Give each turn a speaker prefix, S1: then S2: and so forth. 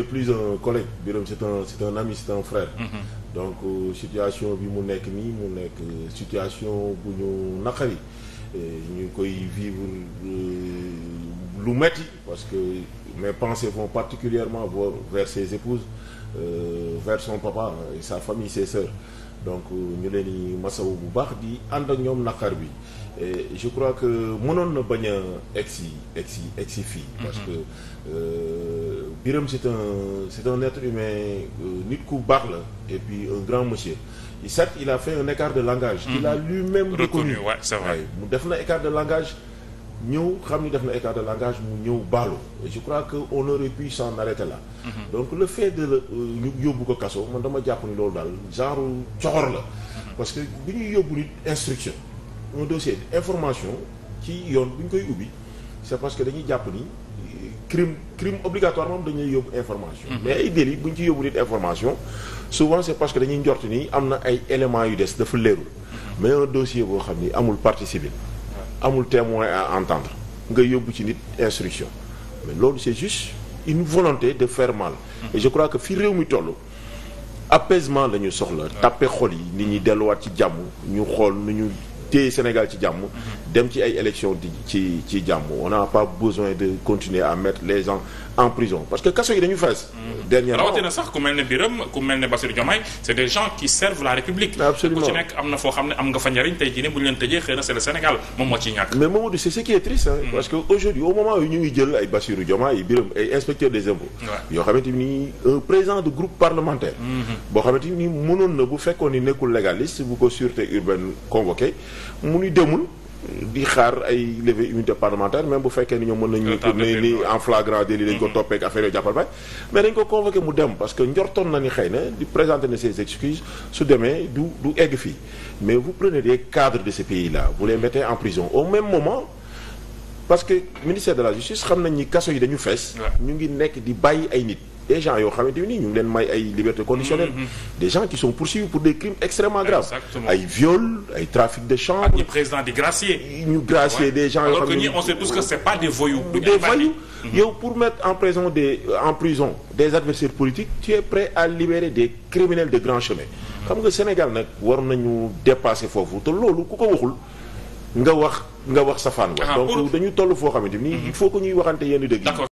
S1: c'est plus un collègue Birame c'est un c'est un ami c'est un frère mm-hmm. donc euh, situation bi mu nekk nii mu nekk euh, situation bu ñu naqari ñu koy vivre euh, lu metti parce que mes pensées vont particulièrement vers ses épouses euh, vers son papa et sa famille ses sœurs donc ñu leen di masawu bu baax di ànd ak ñoom naqar bi et je crois que mënoon na bañ a egg si egg si egg si fii. Mm-hmm. parce que euh, Birame c'est un c'est un être humain euh, nit ku baax la et puis un grand monsieur. certes il a fait un écart de langage. qu'il mm-hmm. a lui-même reconnu waaw mu def na écart de langage. ñëw xam ni def na écart de langage mu ñëw baalu je crois que on aurait pu s'en la là mhm. donc le fait de euh, ñu yóbbu ko kaso man dama jàpp ni loolu daal genre coxor la mhm. parce que bu ñuy yóbbu nit instruction un dossier information ci yoon bu ñu koy ubbi c'est parce que dañuy jàpp ni crime crime obligatoire moom dañuy yóbbu information mhm. mais ay délit bu ñu ci yóbbu nit information souvent c'est parce que dañuy njort ni am na ay éléments yu des dafa leerul mais un dossier boo xam ni amul partie civile amul témoin à entendre nga yóbbu ci nit instruction loolu c'est juste une volonté de faire mal mm-hmm. je crois que fi réew mi tollu apaisement la ñu soxla tàppe xool yi nit ñi delluwaat ci jàmm ñu xool nu ñu téye Sénégal ci jàmm dem ci ay élections di ci ci jàmm on n'a pas besoin de continuer à mettre les gens en prison parce que kaso yi dañu fees dernièrement rawatina sax ne Birame ku mel ne Bassirou Diomaye c'est des gens ku ci nekk am na foo xam ne am nga fa tey jii ne bu ñu leen tëjee xëy na c'est le Sénégal moom moo ciy mm. jël ay Bassirou Diomaye Birame ay inspecteur des impôts yoo xamante ni un président de groupe parlementaire mm-hmm. boo xamante ni mënoon na bu fekkoon ni nekkul légaliste bu ko sûreté urbaine convoqué mu ni demul di xaar ay levée immunité parlementaire même bu fekkee ni ñoom mën nañu tourné ni en flagrant délit dañ ko mm-hmm. toppee ak affaire yooyu jàppal bay mais dañ ko convoqué mu dem parce que njortoon na ni xëy na di présenter na ses excuses su demee du du egg fii mais vous prenez des cadres de ces pays là vous les mettez en prison au même moment parce que ministère de la justice xam nañ ni kaso yi dañu fees ñu ngi nekk di bàyyi ay nit des gens yoo xamante ni ñu ngi leen may ay liberté conditionnelle mm-hmm. des gens qui sont poursuivis pour des crimes extrêmement graves ay viol ay trafic de chanvre ñu gracier mm-hmm. xam nga Sénégal nag war nañu dépasser foofu te loolu ku ko waxul nga wax nga wax safaan wa ah, donc dañu toll foo xamante ni mm-hmm. il faut que ñuy waxante yenn dëgg